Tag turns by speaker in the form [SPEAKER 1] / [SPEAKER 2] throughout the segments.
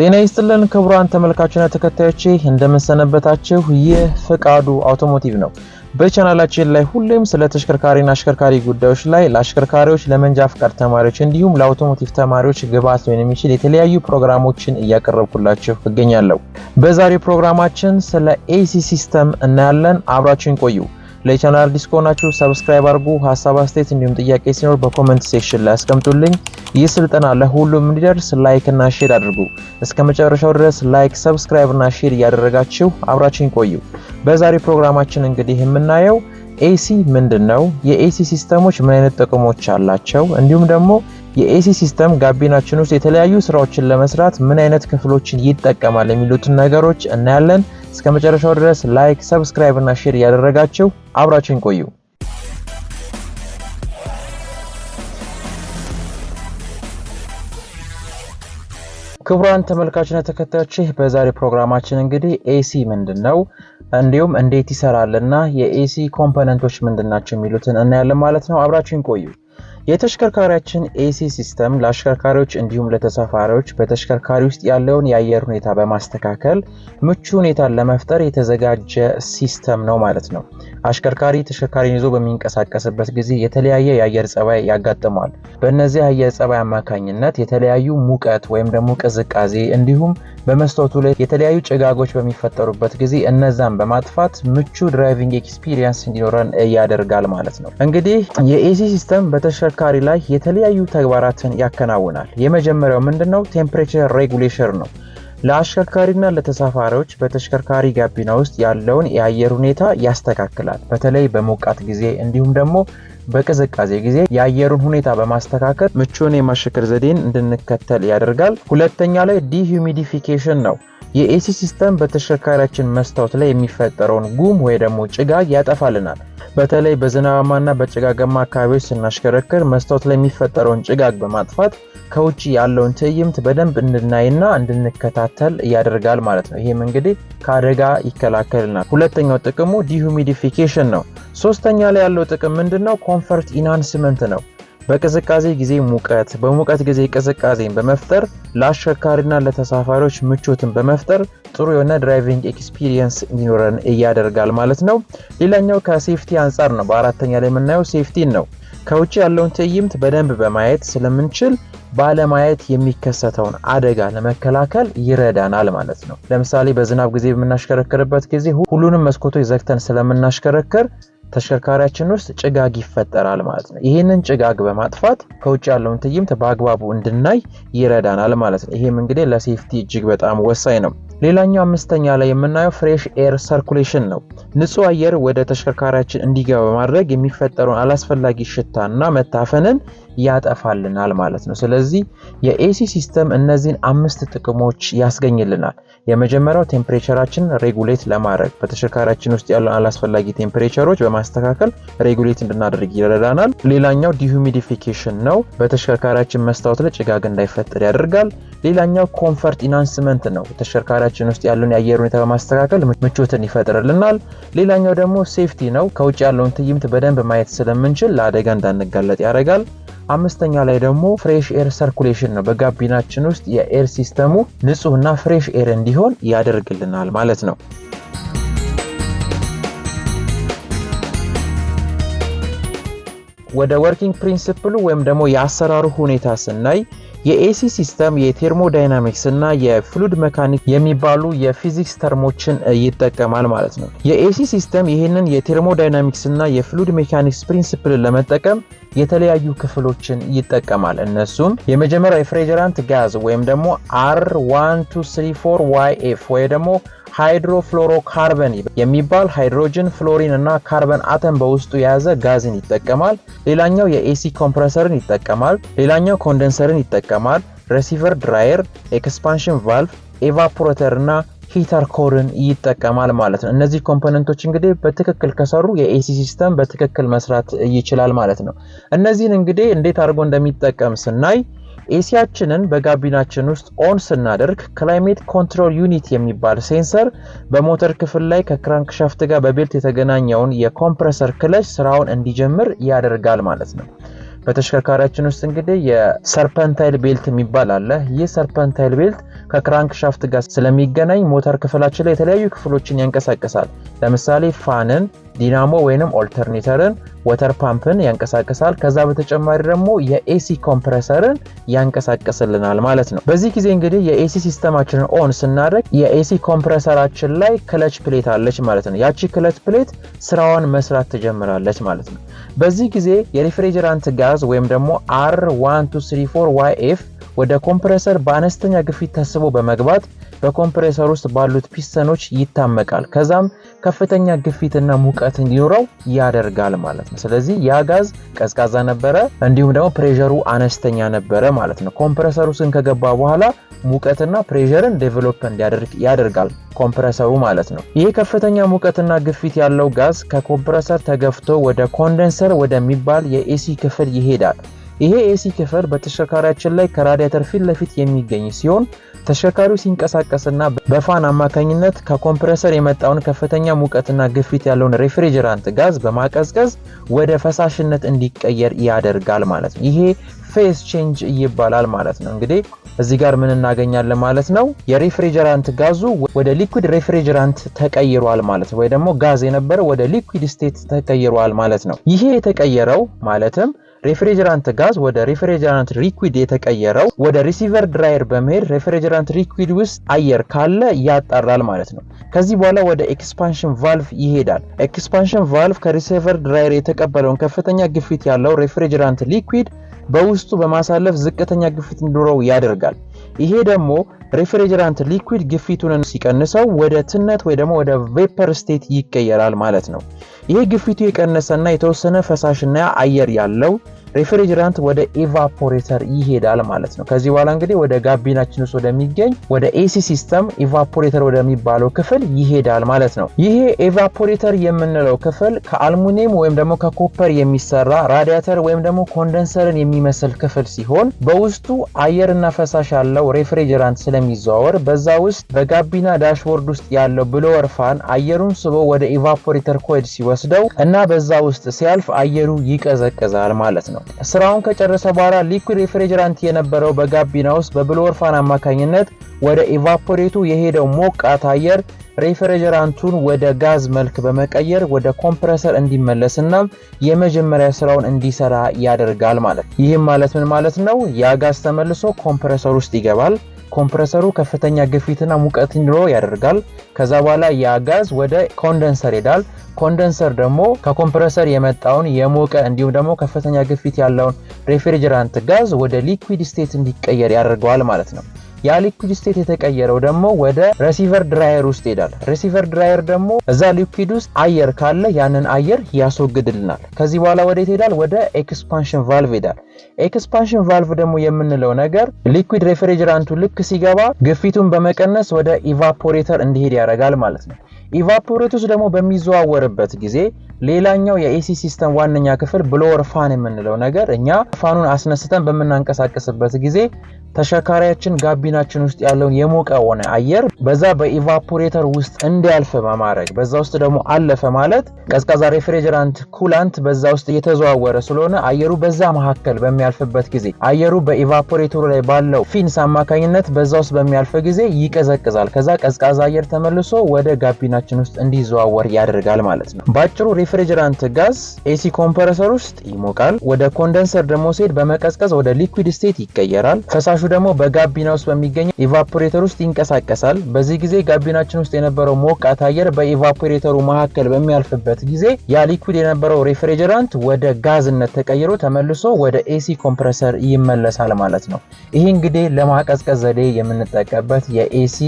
[SPEAKER 1] ጤና ይስጥልን ክቡራን ተመልካችና ተከታዮቼ እንደምንሰነበታችሁ። ይህ ፍቃዱ አውቶሞቲቭ ነው። በቻናላችን ላይ ሁሌም ስለ ተሽከርካሪና አሽከርካሪ ጉዳዮች ላይ ለአሽከርካሪዎች፣ ለመንጃ ፍቃድ ተማሪዎች እንዲሁም ለአውቶሞቲቭ ተማሪዎች ግብዓት ሊሆን የሚችል የተለያዩ ፕሮግራሞችን እያቀረብኩላችሁ እገኛለሁ። በዛሬው ፕሮግራማችን ስለ ኤሲ ሲስተም እናያለን። አብራችን ቆዩ። ለቻናል አዲስ ከሆናችሁ ሰብስክራይብ አድርጉ። ሀሳብ አስተያየት፣ እንዲሁም ጥያቄ ሲኖር በኮመንት ሴክሽን ላይ አስቀምጡልኝ። ይህ ስልጠና ለሁሉም እንዲደርስ ላይክ እና ሼር አድርጉ። እስከ መጨረሻው ድረስ ላይክ፣ ሰብስክራይብ እና ሼር እያደረጋችሁ አብራችን ቆዩ። በዛሬው ፕሮግራማችን እንግዲህ የምናየው ኤሲ ምንድን ነው፣ የኤሲ ሲስተሞች ምን አይነት ጥቅሞች አላቸው፣ እንዲሁም ደግሞ የኤሲ ሲስተም ጋቢናችን ውስጥ የተለያዩ ስራዎችን ለመስራት ምን አይነት ክፍሎችን ይጠቀማል የሚሉትን ነገሮች እናያለን። እስከ መጨረሻው ድረስ ላይክ፣ ሰብስክራይብ እና ሼር እያደረጋችሁ አብራችን ቆዩ። ክቡራን ተመልካችና ተከታዮች በዛሬ ፕሮግራማችን እንግዲህ ኤሲ ምንድን ነው እንዲሁም እንዴት ይሰራልና የኤሲ ኮምፖነንቶች ምንድን ናቸው የሚሉትን እናያለን ማለት ነው። አብራችን ቆዩ። የተሽከርካሪያችን ኤሲ ሲስተም ለአሽከርካሪዎች እንዲሁም ለተሳፋሪዎች በተሽከርካሪ ውስጥ ያለውን የአየር ሁኔታ በማስተካከል ምቹ ሁኔታን ለመፍጠር የተዘጋጀ ሲስተም ነው ማለት ነው። አሽከርካሪ ተሽከርካሪን ይዞ በሚንቀሳቀስበት ጊዜ የተለያየ የአየር ጸባይ ያጋጥመዋል። በእነዚህ የአየር ጸባይ አማካኝነት የተለያዩ ሙቀት ወይም ደግሞ ቅዝቃዜ እንዲሁም በመስታወቱ ላይ የተለያዩ ጭጋጎች በሚፈጠሩበት ጊዜ እነዛን በማጥፋት ምቹ ድራይቪንግ ኤክስፒሪየንስ እንዲኖረን ያደርጋል ማለት ነው። እንግዲህ የኤሲ ሲስተም በተሽከርካ ተሽከርካሪ ላይ የተለያዩ ተግባራትን ያከናውናል። የመጀመሪያው ምንድነው? ቴምፕሬቸር ሬጉሌሽን ነው። ለአሽከርካሪና ለተሳፋሪዎች በተሽከርካሪ ጋቢና ውስጥ ያለውን የአየር ሁኔታ ያስተካክላል። በተለይ በሞቃት ጊዜ እንዲሁም ደግሞ በቅዝቃዜ ጊዜ የአየሩን ሁኔታ በማስተካከል ምቹን የማሸከር ዘዴን እንድንከተል ያደርጋል። ሁለተኛ ላይ ዲሁሚዲፊኬሽን ነው። የኤሲ ሲስተም በተሽከርካሪያችን መስታወት ላይ የሚፈጠረውን ጉም ወይ ደግሞ ጭጋግ ያጠፋልናል። በተለይ በዝናባማና በጭጋጋማ አካባቢዎች ስናሽከረክር መስታወት ላይ የሚፈጠረውን ጭጋግ በማጥፋት ከውጭ ያለውን ትዕይንት በደንብ እንድናይና እንድንከታተል ያደርጋል ማለት ነው። ይህም እንግዲህ ከአደጋ ይከላከልናል። ሁለተኛው ጥቅሙ ዲሁሚዲፊኬሽን ነው። ሶስተኛ ላይ ያለው ጥቅም ምንድን ነው? ኮምፈርት ኢናንስመንት ነው። በቅዝቃዜ ጊዜ ሙቀት፣ በሙቀት ጊዜ ቅዝቃዜን በመፍጠር ለአሽከርካሪና ለተሳፋሪዎች ምቾትን በመፍጠር ጥሩ የሆነ ድራይቪንግ ኤክስፒሪየንስ እንዲኖረን እያደርጋል ማለት ነው። ሌላኛው ከሴፍቲ አንጻር ነው። በአራተኛ ላይ የምናየው ሴፍቲን ነው። ከውጭ ያለውን ትዕይንት በደንብ በማየት ስለምንችል ባለማየት የሚከሰተውን አደጋ ለመከላከል ይረዳናል ማለት ነው። ለምሳሌ በዝናብ ጊዜ በምናሽከረክርበት ጊዜ ሁሉንም መስኮቶች ዘግተን ስለምናሽከረክር ተሽከርካሪያችን ውስጥ ጭጋግ ይፈጠራል ማለት ነው። ይህንን ጭጋግ በማጥፋት ከውጭ ያለውን ትዕይንት በአግባቡ እንድናይ ይረዳናል ማለት ነው። ይህም እንግዲህ ለሴፍቲ እጅግ በጣም ወሳኝ ነው። ሌላኛው አምስተኛ ላይ የምናየው ፍሬሽ ኤር ሰርኩሌሽን ነው። ንጹህ አየር ወደ ተሽከርካሪያችን እንዲገባ በማድረግ የሚፈጠረውን አላስፈላጊ ሽታና መታፈንን ያጠፋልናል ማለት ነው። ስለዚህ የኤሲ ሲስተም እነዚህን አምስት ጥቅሞች ያስገኝልናል። የመጀመሪያው ቴምፕሬቸራችን ሬጉሌት ለማድረግ በተሽከርካሪያችን ውስጥ ያሉ አላስፈላጊ ቴምፕሬቸሮች በማስተካከል ሬጉሌት እንድናደርግ ይረዳናል። ሌላኛው ዲሁሚዲፊኬሽን ነው። በተሽከርካሪያችን መስታወት ላይ ጭጋግ እንዳይፈጠር ያደርጋል። ሌላኛው ኮምፈርት ኢናንስመንት ነው። ተሽከርካሪያችን ውስጥ ያለውን የአየር ሁኔታ በማስተካከል ምቾትን ይፈጥርልናል። ሌላኛው ደግሞ ሴፍቲ ነው። ከውጭ ያለውን ትዕይንት በደንብ ማየት ስለምንችል ለአደጋ እንዳንጋለጥ ያደርጋል። አምስተኛ ላይ ደግሞ ፍሬሽ ኤር ሰርኩሌሽን ነው። በጋቢናችን ውስጥ የኤር ሲስተሙ ንጹህና ፍሬሽ ኤር እንዲሆን ያደርግልናል ማለት ነው። ወደ ወርኪንግ ፕሪንስፕሉ ወይም ደግሞ የአሰራሩ ሁኔታ ስናይ የኤሲ ሲስተም የቴርሞዳይናሚክስ እና የፍሉድ መካኒክ የሚባሉ የፊዚክስ ተርሞችን ይጠቀማል ማለት ነው። የኤሲ ሲስተም ይህንን የቴርሞዳይናሚክስ እና የፍሉድ ሜካኒክስ ፕሪንስፕልን ለመጠቀም የተለያዩ ክፍሎችን ይጠቀማል። እነሱም የመጀመሪያ ሬፍሬጀራንት ጋዝ ወይም ደግሞ አር 1 3 1234 ዋይ ኤፍ ወይ ደግሞ ሃይድሮፍሎሮካርበን የሚባል ሃይድሮጅን፣ ፍሎሪን እና ካርበን አተም በውስጡ የያዘ ጋዝን ይጠቀማል። ሌላኛው የኤሲ ኮምፕረሰርን ይጠቀማል። ሌላኛው ኮንደንሰርን ይጠቀማል። ሬሲቨር ድራየር፣ ኤክስፓንሽን ቫልቭ፣ ኤቫፖሬተር እና ሂተር ኮርን ይጠቀማል ማለት ነው። እነዚህ ኮምፖነንቶች እንግዲህ በትክክል ከሰሩ የኤሲ ሲስተም በትክክል መስራት ይችላል ማለት ነው። እነዚህን እንግዲህ እንዴት አድርጎ እንደሚጠቀም ስናይ ኤሲያችንን በጋቢናችን ውስጥ ኦን ስናደርግ ክላይሜት ኮንትሮል ዩኒት የሚባል ሴንሰር በሞተር ክፍል ላይ ሻፍት ጋር በቤልት የተገናኘውን የኮምፕረሰር ክለች ስራውን እንዲጀምር ያደርጋል ማለት ነው። በተሽከርካሪያችን ውስጥ እንግዲህ የሰርፐንታይል ቤልት የሚባል አለ። ይህ ሰርፐንታይል ቤልት ከክራንክ ሻፍት ጋር ስለሚገናኝ ሞተር ክፍላችን ላይ የተለያዩ ክፍሎችን ያንቀሳቅሳል። ለምሳሌ ፋንን፣ ዲናሞ ወይንም ኦልተርኔተርን፣ ወተር ፓምፕን ያንቀሳቅሳል። ከዛ በተጨማሪ ደግሞ የኤሲ ኮምፕረሰርን ያንቀሳቅስልናል ማለት ነው። በዚህ ጊዜ እንግዲህ የኤሲ ሲስተማችንን ኦን ስናደርግ የኤሲ ኮምፕረሰራችን ላይ ክለች ፕሌት አለች ማለት ነው። ያቺ ክለች ፕሌት ስራዋን መስራት ትጀምራለች ማለት ነው። በዚህ ጊዜ የሪፍሪጀራንት ጋዝ ወይም ደግሞ R1234YF ወደ ኮምፕረሰር በአነስተኛ ግፊት ተስቦ በመግባት በኮምፕሬሰር ውስጥ ባሉት ፒስተኖች ይታመቃል። ከዛም ከፍተኛ ግፊትና ሙቀት እንዲኖረው ያደርጋል ማለት ነው። ስለዚህ ያ ጋዝ ቀዝቃዛ ነበረ፣ እንዲሁም ደግሞ ፕሬሸሩ አነስተኛ ነበረ ማለት ነው። ኮምፕሬሰሩ ስን ከገባ በኋላ ሙቀትና ፕሬሸርን ዴቨሎፕ እንዲያደርግ ያደርጋል ኮምፕሬሰሩ ማለት ነው። ይህ ከፍተኛ ሙቀትና ግፊት ያለው ጋዝ ከኮምፕሬሰር ተገፍቶ ወደ ኮንደንሰር ወደሚባል የኤሲ ክፍል ይሄዳል። ይሄ ኤሲ ክፍል በተሽከርካሪያችን ላይ ከራዲያተር ፊት ለፊት የሚገኝ ሲሆን ተሽከርካሪው ሲንቀሳቀስና በፋን አማካኝነት ከኮምፕረሰር የመጣውን ከፍተኛ ሙቀትና ግፊት ያለውን ሬፍሪጀራንት ጋዝ በማቀዝቀዝ ወደ ፈሳሽነት እንዲቀየር ያደርጋል ማለት ነው። ይሄ ፌስ ቼንጅ ይባላል ማለት ነው። እንግዲህ እዚህ ጋር ምን እናገኛለን ማለት ነው? የሬፍሪጀራንት ጋዙ ወደ ሊኩድ ሬፍሪጀራንት ተቀይሯል ማለት ነው። ወይ ደግሞ ጋዝ የነበረ ወደ ሊኩድ ስቴት ተቀይሯል ማለት ነው። ይሄ የተቀየረው ማለትም ሬፍሪጀራንት ጋዝ ወደ ሬፍሪጀራንት ሊኩዊድ የተቀየረው ወደ ሪሲቨር ድራየር በመሄድ ሬፍሪጀራንት ሊኩዊድ ውስጥ አየር ካለ ያጣራል ማለት ነው። ከዚህ በኋላ ወደ ኤክስፓንሽን ቫልቭ ይሄዳል። ኤክስፓንሽን ቫልቭ ከሪሲቨር ድራየር የተቀበለውን ከፍተኛ ግፊት ያለው ሬፍሪጀራንት ሊኩዊድ በውስጡ በማሳለፍ ዝቅተኛ ግፊት እንዲኖረው ያደርጋል። ይሄ ደግሞ ሬፍሪጀራንት ሊኩዊድ ግፊቱን ሲቀንሰው ወደ ትነት ወይ ደግሞ ወደ ቬፐር ስቴት ይቀየራል ማለት ነው። ይህ ግፊቱ የቀነሰና የተወሰነ ፈሳሽና አየር ያለው ሪፍሪጅራንት ወደ ኢቫፖሬተር ይሄዳል ማለት ነው። ከዚህ በኋላ እንግዲህ ወደ ጋቢናችን ውስጥ ወደሚገኝ ወደ ኤሲ ሲስተም ኢቫፖሬተር ወደሚባለው ክፍል ይሄዳል ማለት ነው። ይሄ ኢቫፖሬተር የምንለው ክፍል ከአልሙኒየም ወይም ደግሞ ከኮፐር የሚሰራ ራዲያተር ወይም ደግሞ ኮንደንሰርን የሚመስል ክፍል ሲሆን በውስጡ አየርና ፈሳሽ ያለው ሪፍሪጅራንት ስለሚዘዋወር በዛ ውስጥ በጋቢና ዳሽቦርድ ውስጥ ያለው ብሎወር ፋን አየሩን ስቦ ወደ ኢቫፖሬተር ኮይል ሲወስደው እና በዛ ውስጥ ሲያልፍ አየሩ ይቀዘቅዛል ማለት ነው። ስራውን ከጨረሰ በኋላ ሊኩድ ሪፍሪጅራንት የነበረው በጋቢና ውስጥ በብሎወር አማካኝነት ወደ ኢቫፖሬቱ የሄደው ሞቃት አየር ሪፍሪጀራንቱን ወደ ጋዝ መልክ በመቀየር ወደ ኮምፕረሰር እንዲመለስና የመጀመሪያ ስራውን እንዲሰራ ያደርጋል ማለት። ይህም ማለት ምን ማለት ነው? ያ ጋዝ ተመልሶ ኮምፕረሰር ውስጥ ይገባል። ኮምፕረሰሩ ከፍተኛ ግፊትና ሙቀት እንዲኖረው ያደርጋል። ከዛ በኋላ ያ ጋዝ ወደ ኮንደንሰር ይሄዳል። ኮንደንሰር ደግሞ ከኮምፕረሰር የመጣውን የሞቀ እንዲሁም ደግሞ ከፍተኛ ግፊት ያለውን ሬፍሪጀራንት ጋዝ ወደ ሊኩዊድ ስቴት እንዲቀየር ያደርገዋል ማለት ነው። ያ ሊኩዊድ ስቴት የተቀየረው ደግሞ ወደ ሬሲቨር ድራየር ውስጥ ይሄዳል። ሬሲቨር ድራየር ደግሞ እዛ ሊኩዊድ ውስጥ አየር ካለ ያንን አየር ያስወግድልናል። ከዚህ በኋላ ወደ ይሄዳል፣ ወደ ኤክስፓንሽን ቫልቭ ይሄዳል። ኤክስፓንሽን ቫልቭ ደግሞ የምንለው ነገር ሊኩዊድ ሬፍሪጀራንቱ ልክ ሲገባ ግፊቱን በመቀነስ ወደ ኢቫፖሬተር እንዲሄድ ያደርጋል ማለት ነው። ኢቫፖሬተር ደግሞ በሚዘዋወርበት ጊዜ ሌላኛው የኤሲ ሲስተም ዋነኛ ክፍል ብሎወር ፋን የምንለው ነገር እኛ ፋኑን አስነስተን በምናንቀሳቀስበት ጊዜ ተሸካሪያችን ጋቢናችን ውስጥ ያለውን የሞቀ ሆነ አየር በዛ በኢቫፖሬተር ውስጥ እንዲያልፍ በማድረግ በዛ ውስጥ ደግሞ አለፈ ማለት ቀዝቃዛ ሬፍሬጀራንት ኩላንት በዛ ውስጥ እየተዘዋወረ ስለሆነ አየሩ በዛ መካከል በሚያልፍበት ጊዜ አየሩ በኢቫፖሬተሩ ላይ ባለው ፊንስ አማካኝነት በዛ ውስጥ በሚያልፍ ጊዜ ይቀዘቅዛል። ከዛ ቀዝቃዛ አየር ተመልሶ ወደ ጋቢናችን ውስጥ እንዲዘዋወር ያደርጋል ማለት ነው። ባጭሩ የሪፍሪጅራንት ጋዝ ኤሲ ኮምፕረሰር ውስጥ ይሞቃል። ወደ ኮንደንሰር ደግሞ ሲሄድ በመቀዝቀዝ ወደ ሊኩዊድ ስቴት ይቀየራል። ፈሳሹ ደግሞ በጋቢና ውስጥ በሚገኘው ኢቫፖሬተር ውስጥ ይንቀሳቀሳል። በዚህ ጊዜ ጋቢናችን ውስጥ የነበረው ሞቃት አየር በኢቫፖሬተሩ መካከል በሚያልፍበት ጊዜ ያ ሊኩዊድ የነበረው ሪፍሪጅራንት ወደ ጋዝነት ተቀይሮ ተመልሶ ወደ ኤሲ ኮምፕረሰር ይመለሳል ማለት ነው። ይህ እንግዲህ ለማቀዝቀዝ ዘዴ የምንጠቀምበት የኤሲ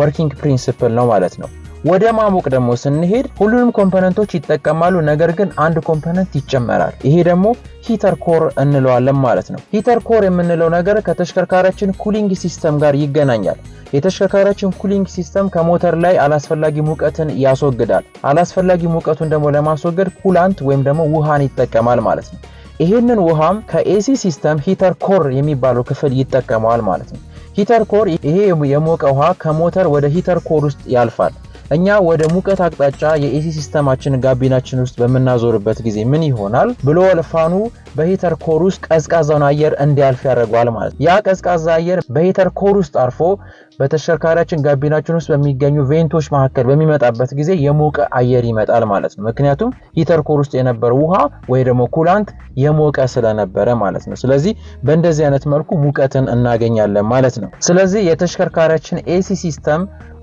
[SPEAKER 1] ወርኪንግ ፕሪንስፕል ነው ማለት ነው። ወደ ማሞቅ ደግሞ ስንሄድ ሁሉንም ኮምፖነንቶች ይጠቀማሉ፣ ነገር ግን አንድ ኮምፖነንት ይጨመራል። ይሄ ደግሞ ሂተር ኮር እንለዋለን ማለት ነው። ሂተር ኮር የምንለው ነገር ከተሽከርካሪያችን ኩሊንግ ሲስተም ጋር ይገናኛል። የተሽከርካሪያችን ኩሊንግ ሲስተም ከሞተር ላይ አላስፈላጊ ሙቀትን ያስወግዳል። አላስፈላጊ ሙቀቱን ደግሞ ለማስወገድ ኩላንት ወይም ደግሞ ውሃን ይጠቀማል ማለት ነው። ይህንን ውሃም ከኤሲ ሲስተም ሂተር ኮር የሚባለው ክፍል ይጠቀመዋል ማለት ነው። ሂተር ኮር ይሄ የሞቀ ውሃ ከሞተር ወደ ሂተር ኮር ውስጥ ያልፋል። እኛ ወደ ሙቀት አቅጣጫ የኤሲ ሲስተማችን ጋቢናችን ውስጥ በምናዞርበት ጊዜ ምን ይሆናል? ብሎ ፋኑ በሂተር ኮር ውስጥ ቀዝቃዛውን አየር እንዲያልፍ ያደርገዋል ማለት ያ ቀዝቃዛ አየር በሂተር ኮር ውስጥ አርፎ በተሽከርካሪያችን ጋቢናችን ውስጥ በሚገኙ ቬንቶች መካከል በሚመጣበት ጊዜ የሞቀ አየር ይመጣል ማለት ነው። ምክንያቱም ሂተር ኮር ውስጥ የነበረ ውሃ ወይ ደግሞ ኩላንት የሞቀ ስለነበረ ማለት ነው። ስለዚህ በእንደዚህ አይነት መልኩ ሙቀትን እናገኛለን ማለት ነው። ስለዚህ የተሽከርካሪያችን ኤሲ ሲስተም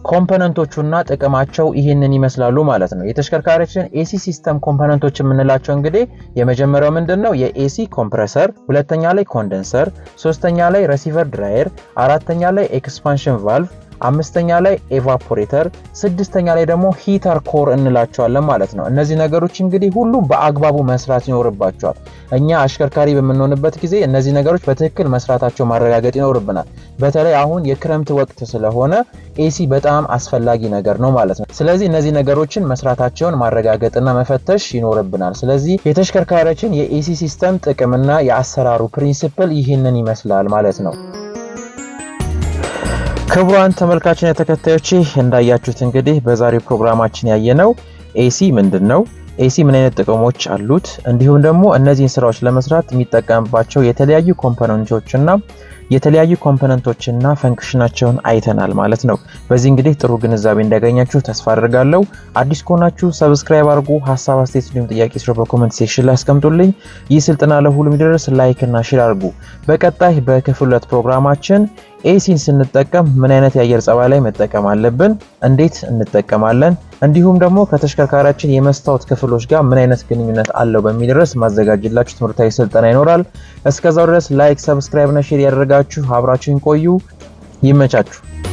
[SPEAKER 1] ኮምፖነንቶቹና ጥቅማቸው ይህንን ይመስላሉ ማለት ነው። የተሽከርካሪዎችን ኤሲ ሲስተም ኮምፖነንቶች የምንላቸው እንግዲህ የመጀመሪያው ምንድን ነው? የኤሲ ኮምፕረሰር፣ ሁለተኛ ላይ ኮንደንሰር፣ ሶስተኛ ላይ ረሲቨር ድራየር፣ አራተኛ ላይ ኤክስፓንሽን ቫልቭ አምስተኛ ላይ ኤቫፖሬተር፣ ስድስተኛ ላይ ደግሞ ሂተር ኮር እንላቸዋለን ማለት ነው። እነዚህ ነገሮች እንግዲህ ሁሉ በአግባቡ መስራት ይኖርባቸዋል። እኛ አሽከርካሪ በምንሆንበት ጊዜ እነዚህ ነገሮች በትክክል መስራታቸው ማረጋገጥ ይኖርብናል። በተለይ አሁን የክረምት ወቅት ስለሆነ ኤሲ በጣም አስፈላጊ ነገር ነው ማለት ነው። ስለዚህ እነዚህ ነገሮችን መስራታቸውን ማረጋገጥና መፈተሽ ይኖርብናል። ስለዚህ የተሽከርካሪያችን የኤሲ ሲስተም ጥቅምና የአሰራሩ ፕሪንሲፕል ይህንን ይመስላል ማለት ነው። ክቡራን ተመልካችን ተከታዮች እንዳያችሁት እንግዲህ በዛሬው ፕሮግራማችን ያየነው ኤሲ ምንድን ነው፣ ኤሲ ምን አይነት ጥቅሞች አሉት፣ እንዲሁም ደግሞ እነዚህን ስራዎች ለመስራት የሚጠቀምባቸው የተለያዩ ኮምፖነንቶችና የተለያዩ ኮምፖነንቶችና ፈንክሽናቸውን አይተናል ማለት ነው። በዚህ እንግዲህ ጥሩ ግንዛቤ እንዳገኛችሁ ተስፋ አድርጋለሁ። አዲስ ከሆናችሁ ሰብስክራይብ አድርጉ። ሀሳብ አስተያየት፣ እንዲሁም ጥያቄ ስሮ በኮመንት ሴክሽን ላይ አስቀምጡልኝ። ይህ ስልጠና ለሁሉም ይደርስ ላይክ እና ሼር አድርጉ። በቀጣይ በክፍል ሁለት ፕሮግራማችን ኤሲን ስንጠቀም ምን አይነት የአየር ጸባይ ላይ መጠቀም አለብን፣ እንዴት እንጠቀማለን፣ እንዲሁም ደግሞ ከተሽከርካሪያችን የመስታወት ክፍሎች ጋር ምን አይነት ግንኙነት አለው በሚል ድረስ ማዘጋጅላችሁ ትምህርታዊ ስልጠና ይኖራል። እስከዛው ድረስ ላይክ፣ ሰብስክራይብ እና ሼር ያደርጋችሁ ካላችሁ አብራችሁን ቆዩ። ይመቻችሁ።